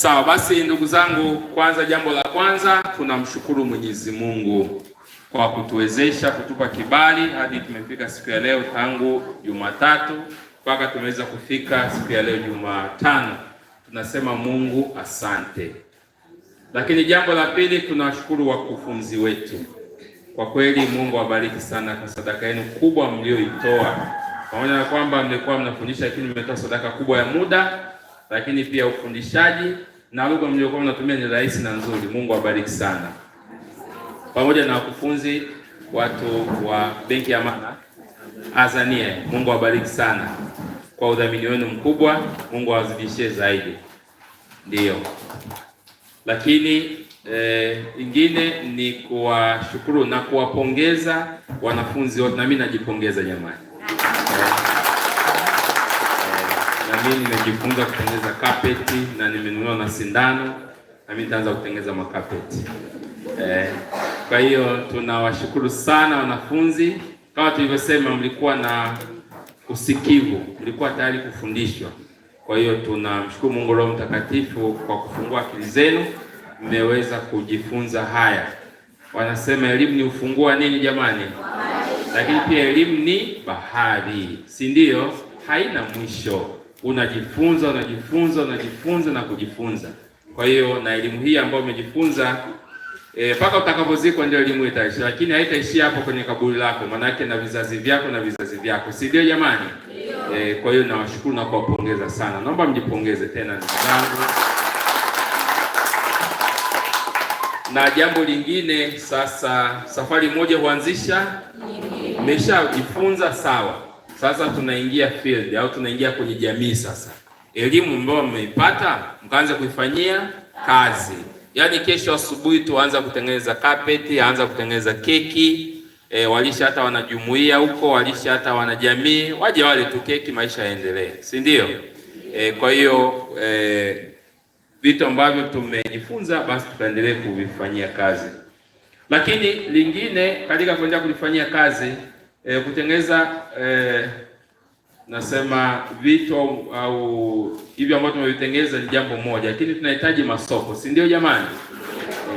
Sawa basi, ndugu zangu, kwanza, jambo la kwanza tunamshukuru Mwenyezi Mungu kwa kutuwezesha kutupa kibali hadi tumefika siku ya leo, tangu Jumatatu mpaka tumeweza kufika siku ya leo Jumatano. Tunasema Mungu asante. Lakini jambo la pili tunawashukuru wakufunzi wetu, kwa kweli Mungu awabariki sana kwa sadaka yenu kubwa mlioitoa, pamoja na kwamba mlikuwa mnafundisha, lakini mmetoa sadaka kubwa ya muda, lakini pia ufundishaji na lugha mliokuwa mnatumia ni rahisi na nzuri. Mungu awabariki sana, pamoja na wakufunzi watu wa benki ya Amana Azania. Mungu awabariki sana kwa udhamini wenu mkubwa, Mungu awazidishie zaidi. Ndiyo, lakini eh, ingine ni kuwashukuru na kuwapongeza wanafunzi wote, nami najipongeza jamani mimi nimejifunza kutengeneza kapeti na nimenunua na sindano, na mimi nitaanza kutengeneza makapeti eh. Kwa hiyo tunawashukuru sana wanafunzi, kama tulivyosema, mlikuwa na usikivu, mlikuwa tayari kufundishwa. Kwa hiyo tunamshukuru Mungu Roho Mtakatifu kwa kufungua akili zenu, mmeweza kujifunza haya. Wanasema elimu ni ufunguo wa nini jamani? Lakini pia elimu ni bahari, si ndio? Haina mwisho unajifunza unajifunza unajifunza na kujifunza. Kwa hiyo na elimu hii ambayo umejifunza e, mpaka e, utakapozikwa ndio elimu itaisha, lakini haitaishia hapo kwenye kaburi lako, maanake na vizazi vyako na vizazi vyako, si ndio jamani? E, kwa hiyo nawashukuru na kuwapongeza sana. Naomba mjipongeze tena ndugu zangu. Na jambo lingine sasa, safari moja huanzisha, mmeshajifunza sawa sasa tunaingia field au tunaingia kwenye jamii. Sasa elimu ambayo mmeipata mkaanza kuifanyia kazi, yaani kesho asubuhi tuanza kutengeneza carpet, anza kutengeneza keki E, walisha hata wanajumuia huko, walisha hata wanajamii, waje wale tu keki, maisha yaendelee, si ndio? E, kwa hiyo e, vitu ambavyo tumejifunza basi tutaendelee kuvifanyia kazi, lakini lingine katika kuendelea kulifanyia kazi e, eh, kutengeneza e, eh, nasema vito au hivyo ambavyo tumevitengeneza ni jambo moja, lakini tunahitaji masoko, si ndio jamani?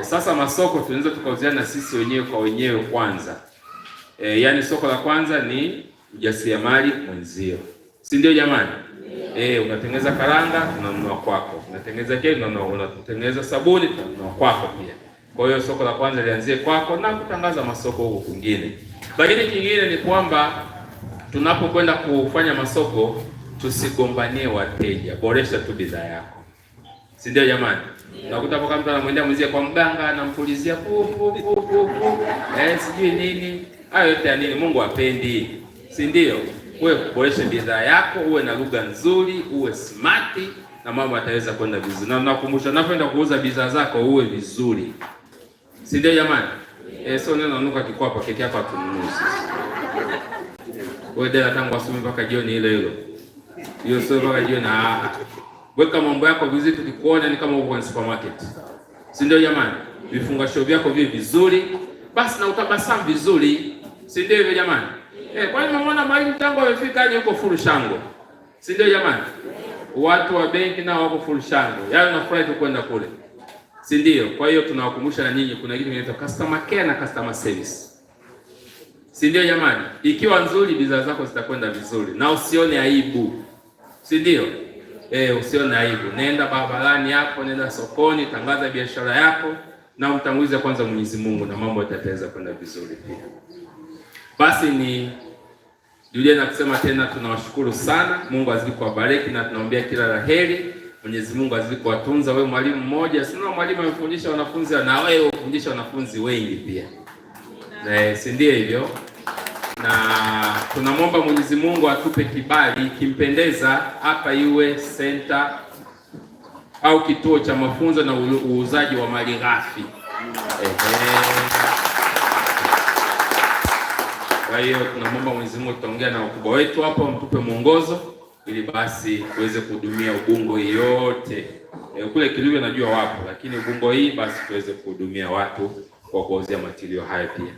E, sasa masoko tunaweza tukauziana sisi wenyewe kwa wenyewe kwanza. E, yaani soko la kwanza ni mjasiriamali mwenzio, si ndio jamani? E, unatengeneza karanga, unanunua kwako, unatengeneza keki, unanunua, unatengeneza sabuni, unanunua kwako pia kwa hiyo soko la kwanza lianzie kwako na kutangaza masoko huko kwingine. Lakini kingine ni kwamba tunapokwenda kufanya masoko tusigombanie wateja, boresha tu bidhaa yako, si ndio? Jamani, unakuta mpaka mtu anamwendea mzee kwa mganga anampulizia eh, sijui nini. Hayo yote ya nini? Mungu apendi, si ndio? Wewe boresha bidhaa yako, uwe na lugha nzuri, uwe smart na mambo ataweza kwenda vizuri. Na nakumbusha, unapoenda kuuza bidhaa zako uwe vizuri si ndio jamani? Eh, sio neno nuka kikwapa keki yako atununui sisi. Wewe dela tangu asubuhi mpaka jioni ile hilo. Hiyo sio mpaka jioni ah, ah. Weka mambo yako vizuri tukikuona ni kama uko kwenye supermarket. Si ndio jamani? Vifungashio vyako vile vizuri, basi na utabasamu vizuri. Si ndio hivyo jamani? Eh, kwa kwani mnaona mwalimu tangu amefika aje huko full shango. Si ndio jamani? Watu wa benki nao wako full shango. Yaani nafurahi tu kwenda kule si ndio? Kwa hiyo tunawakumbusha na nyinyi, kuna kitu kinaitwa customer care na customer service, si ndio? Jamani, ikiwa nzuri, bidhaa zako zitakwenda vizuri, na usione aibu, si ndio? Eh, usione aibu, nenda barabarani hapo, nenda sokoni, tangaza biashara yako na mtangulize kwanza Mwenyezi Mungu na mambo yataweza kwenda vizuri pia. Basi ni Julia na kusema tena tunawashukuru sana. Mungu azidi kuwabariki na tunaombea kila la heri. Mwenyezi Mungu azidi kuwatunza. Wewe mwalimu mmoja, si ndio? Mwalimu amefundisha wanafunzi na wewe ufundisha wanafunzi wengi pia, eh, si ndio hivyo? Na tunamwomba Mwenyezi Mungu atupe kibali kimpendeza, hapa iwe center au kituo cha mafunzo na uuzaji wa mali ghafi. Kwa hiyo tunamwomba Mwenyezi Mungu, tutaongea na wakubwa wetu hapo, mtupe mwongozo ili basi tuweze kuhudumia Ubungo yote. E, kule Kilugwe najua wapo, lakini Ubungo hii basi tuweze kuhudumia watu kwa kuwauzia matilio haya pia.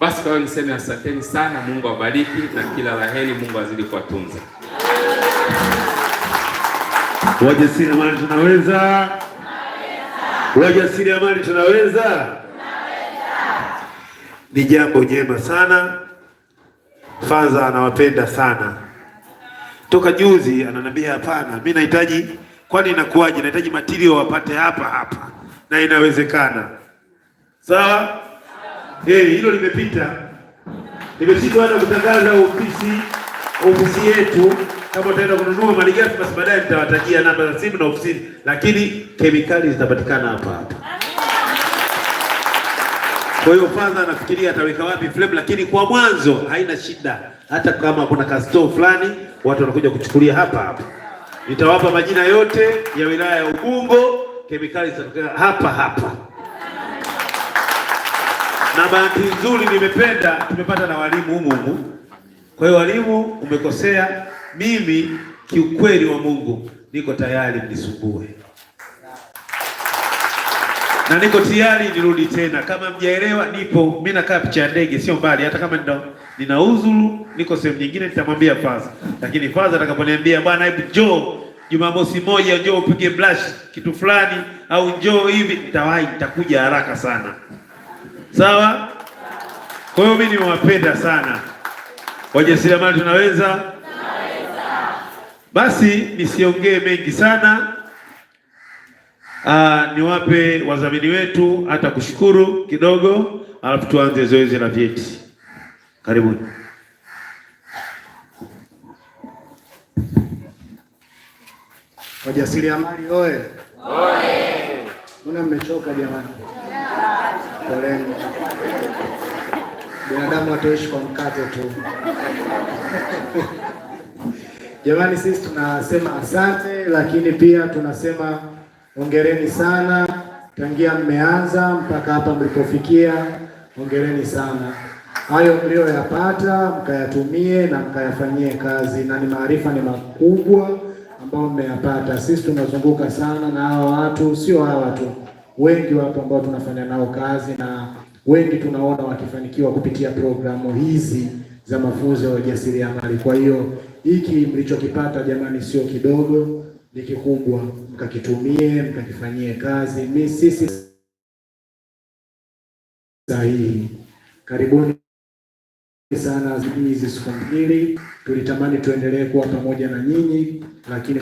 Basi kwa hiyo niseme asanteni sana, Mungu awabariki na kila laheri, Mungu azidi kuwatunza wajasiriamali. Tunaweza wajasiriamali, tunaweza. Ni jambo jema sana. Faza anawapenda sana toka juzi, ananiambia hapana, mimi nahitaji, kwani inakuwaje? Nahitaji material wapate hapa hapa, na inawezekana. Sawa, hilo hey, limepita. nimesikia hata kutangaza ofisi ofisi yetu kama utaenda kununua malighafi basi baadaye nitawatajia namba za simu na ofisini, lakini kemikali zitapatikana hapa hapa. Kwa hiyo fadha anafikiria ataweka wapi flame, lakini kwa mwanzo haina shida, hata kama kuna kasto fulani watu wanakuja kuchukulia hapa hapa. Nitawapa majina yote ya wilaya ya Ubungo, kemikali zitatokea hapa hapa. Na bahati nzuri nimependa, tumepata na walimu humu humu. Kwa hiyo walimu, umekosea. Mimi kiukweli wa Mungu niko tayari mnisumbue na niko tayari nirudi tena. Kama mjaelewa, nipo mimi, nakaa picha ya ndege, sio mbali. Hata kama nina, nina uzuru, niko sehemu nyingine, nitamwambia Faza, lakini Faza atakaponiambia bwana, hebu njoo Jumamosi moja, njoo upige blush kitu fulani, au njoo hivi, nitawahi, nitakuja haraka sana. Sawa. Kwa hiyo mimi nimewapenda sana wajasiriamali, tunaweza basi. Nisiongee mengi sana. Aa, ah, niwape wadhamini wetu hata kushukuru kidogo, alafu tuanze zoezi la vyeti. Karibuni. Wajasiriamali oye! Mbona mmechoka jamani? Poleni. Binadamu watoishi kwa mkate tu jamani. Sisi tunasema asante, lakini pia tunasema Hongereni sana tangia mmeanza mpaka hapa mlipofikia, hongereni sana. Hayo mliyoyapata mkayatumie na mkayafanyie kazi, na ni maarifa ni makubwa ambayo mmeyapata. Sisi tunazunguka sana na hawa watu, sio hawa tu, wengi wapo ambao tunafanya nao kazi na wengi tunaona wakifanikiwa kupitia programu hizi za mafunzo ya ujasiriamali. Kwa hiyo hiki mlichokipata jamani, sio kidogo ni kikubwa, mkakitumie mkakifanyie kazi. Ni sisi sahihi. Karibuni sana hizi siku mbili, tulitamani tuendelee kuwa pamoja na nyinyi, lakini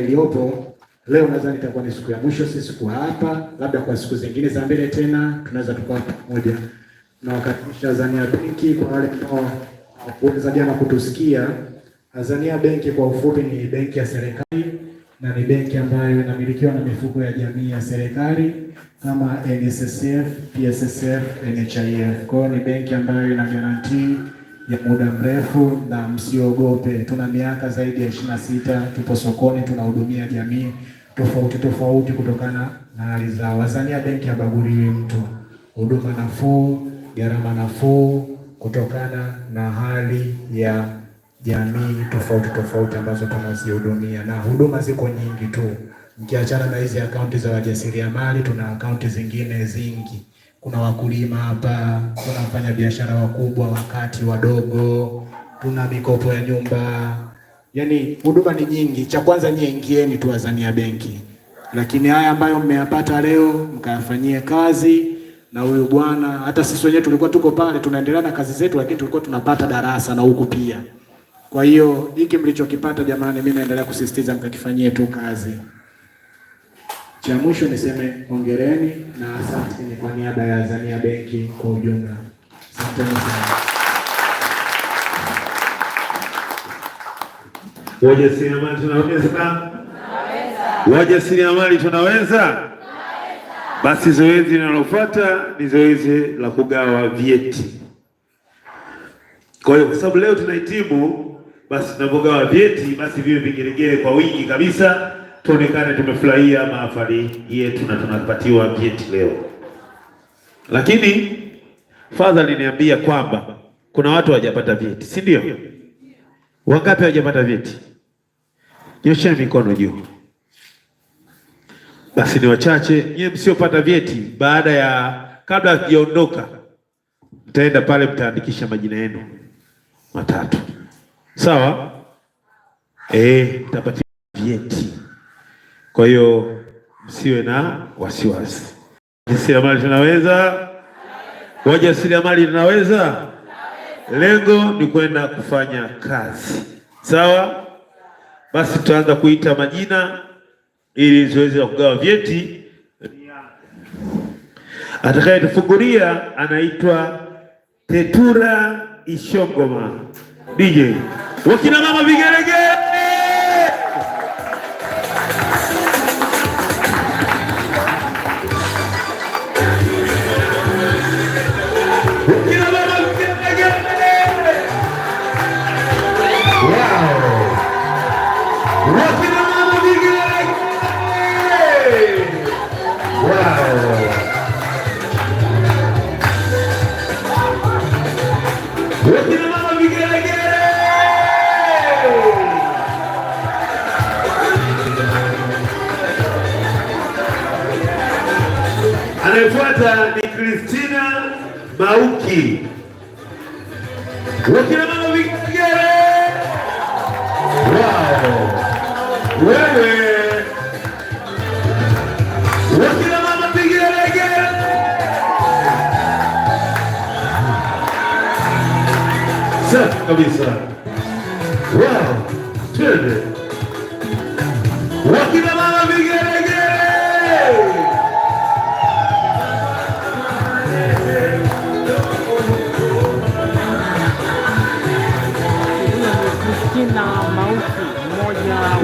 iliyopo leo nadhani itakuwa ni siku ya mwisho sisi kuwa hapa, labda kwa siku zingine za mbele tena tunaweza tukawa pamoja. Na wakaribisha Azania Benki kwa wale ambao hawakuweza jana kutusikia. Azania Benki kwa ufupi ni benki ya serikali na ni benki ambayo inamilikiwa na mifuko ya jamii ya serikali kama NSSF, PSSF, NHIF. Kwa hiyo ni benki ambayo ina garantii ya muda mrefu, na msiogope, tuna miaka zaidi ya ishirini na sita, tupo sokoni, tunahudumia jamii tofauti tofauti kutokana na hali zao. Azania Benki habaguliwi mtu, huduma nafuu, gharama nafuu kutokana na hali ya jamii tofauti tofauti ambazo tunazihudumia, na huduma ziko nyingi tu, mkiachana na hizi akaunti za wajasiriamali, tuna akaunti zingine zingi. Kuna wakulima hapa, kuna wafanyabiashara wakubwa, wakati wadogo, tuna mikopo ya nyumba, Yani huduma ni nyingi. Cha kwanza nyie ingieni tu Azania Benki, lakini haya ambayo mmeyapata leo mkayafanyie kazi na huyu bwana hata sisi wenyewe tulikuwa tuko pale tunaendelea na kazi zetu, lakini tulikuwa tunapata darasa na huku pia kwa hiyo hiki mlichokipata jamani, mimi naendelea kusisitiza mkakifanyie tu kazi. Cha mwisho niseme hongereni na asanteni kwa niaba ya Azania Benki kwa ujumla. Asanteni sana. Wajasiriamali tunaweza, wajasiriamali tunaweza. Basi zoezi linalofuata ni zoezi la kugawa vyeti. Kwa hiyo kwa sababu leo tunahitimu basi tunapogawa vyeti basi viwe vigeregere kwa wingi kabisa, tuonekane tumefurahia mahafali yetu na tunapatiwa vyeti leo. Lakini fadha aliniambia kwamba kuna watu hawajapata vyeti, si ndio? Wangapi hawajapata vyeti? Nyoshea mikono juu. Basi ni wachache. Nyie msiopata vyeti, baada ya kabla akijaondoka mtaenda pale, mtaandikisha majina yenu matatu. Sawa eh, tapatia vyeti. Kwa hiyo msiwe na wasiwasi. Jasiriamali tunaweza, wajasiriamali tunaweza. Lengo ni kwenda kufanya kazi. Sawa, basi tutaanza kuita majina ili zoezi la kugawa vyeti atakayetufungulia anaitwa Tetura Ishongoma. DJ wakina mama vigelegele Santa kabisa. Wow, que wakina mama vigeregere,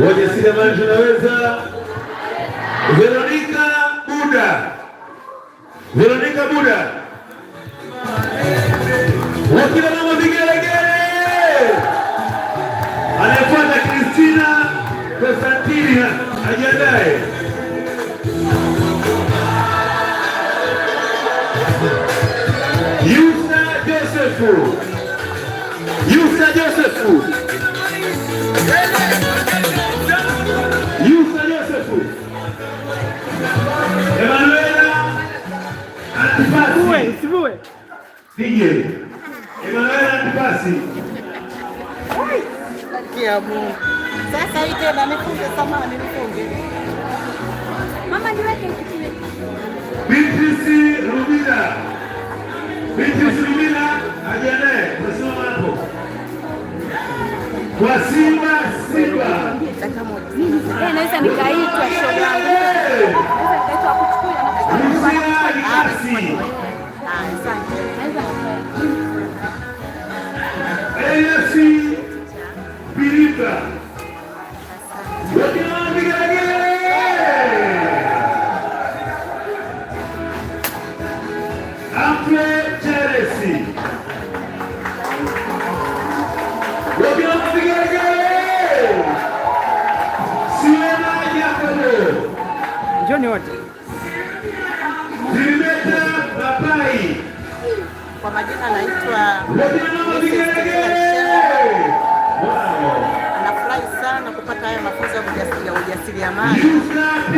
Wajasiri ambayo tunaweza Veronika Buda, Veronika Buda kazi. Sasa hii tena nifunge samani, nifunge. Mama niweke kitini. Rubina. Beatrice Rubina ajane nasema hapo. Kwa Simba Simba. Eh, naweza nikaitwa shoga. Naweza nikaitwa kuchukua na kuchukua. Sim, Pirita.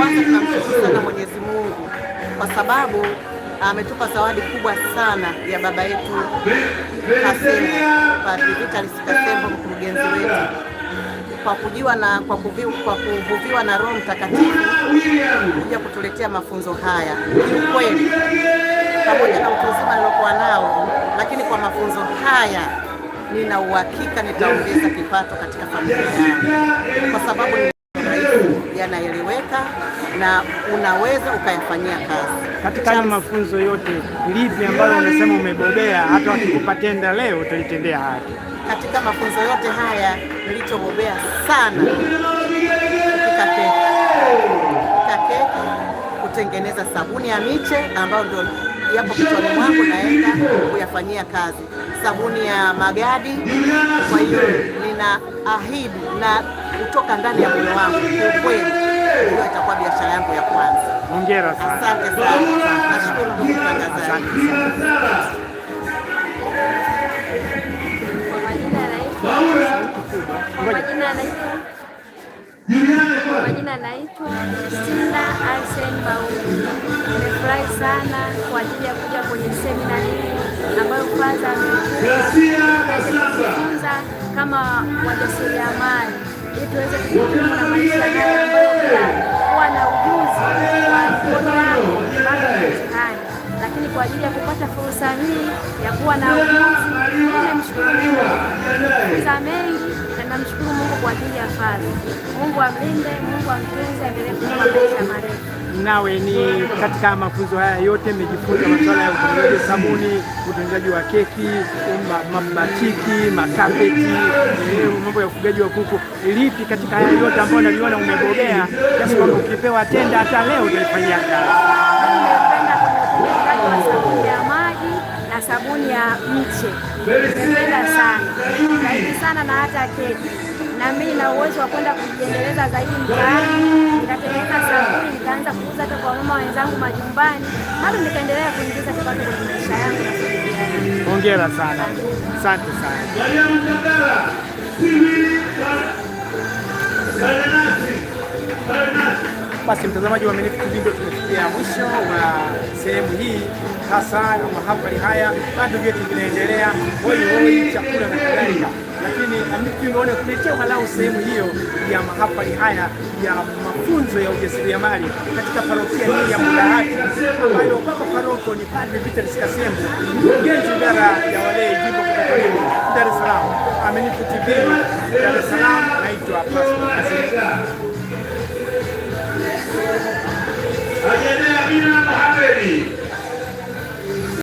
kwanza tunamshukuru sana Mwenyezi Mungu kwa sababu ametupa zawadi kubwa sana ya baba yetu Kasembo, Padri Vitalis mkurugenzi wetu, kwa kujiwa na kwa kuvuviwa na Roho Mtakatifu kuja kutuletea mafunzo haya. kweli pamoja na utuzima nilokuwa nao, lakini kwa mafunzo haya nina uhakika nitaongeza kipato katika familia yangu kwa sababu yanaeleweka na unaweza ukayafanyia kazi. Katika mafunzo yote, lipi ambalo unasema umebobea hata wakikupa leo utalitendea haki? Katika mafunzo yote haya nilichobobea sana kupika keki, kutengeneza sabuni ya miche ambayo ndio yapo kichwani mwangu, naenda kuyafanyia kazi, sabuni ya magadi. Kwa hiyo ninaahidi na kutoka ndani ya moyo wangu Hongera sana. Kwa majina naitwa Christina Arsene Bauli. Nimefurahi sana kwa ajili ya kuja kwenye semina hii ambayo kwanza tunajifunza kama wajasiriamali ili tuweze kuwa na nawe ni katika mafunzo haya yote mmejifunza masuala ya utengenezaji wa sabuni, utengenezaji wa keki, mabatiki, makapeti, eh, mambo ya ufugaji wa kuku. Lipi katika haya yote ambayo naliona umebobea kiasi kwamba ukipewa tenda hata leo utaifanyia kazi? na sabuni ya mche, nimependa sana zaidi sana na hata keki na mimi na uwezo wa kwenda kujiendeleza zaidi mtaani, nikatengeneza sabuni, nikaanza kuuza hata kwa mama wenzangu majumbani, bado nikaendelea kuingiza kipato kwenye maisha yangu. Hongera sana, asante sana. Basi mtazamaji wa Aminifu TV, ndio tumefikia mwisho wa sehemu hii hasa mahafali haya, bado vyetu vinaendelea, hoi hoi, chakula na kadhalika lakini imeona kuletea walau sehemu hiyo ya mahafali haya ya mafunzo ya ujasiriamali katika parokia hii ya Mburahaki ambayo baba paroko ni Padre Vitalis Kasembo, mkurugenzi idara ya walei jimbo Katakaribu, Dar es Salaam, TV Dar es Salaam. Naitwa Pastor Kasembo.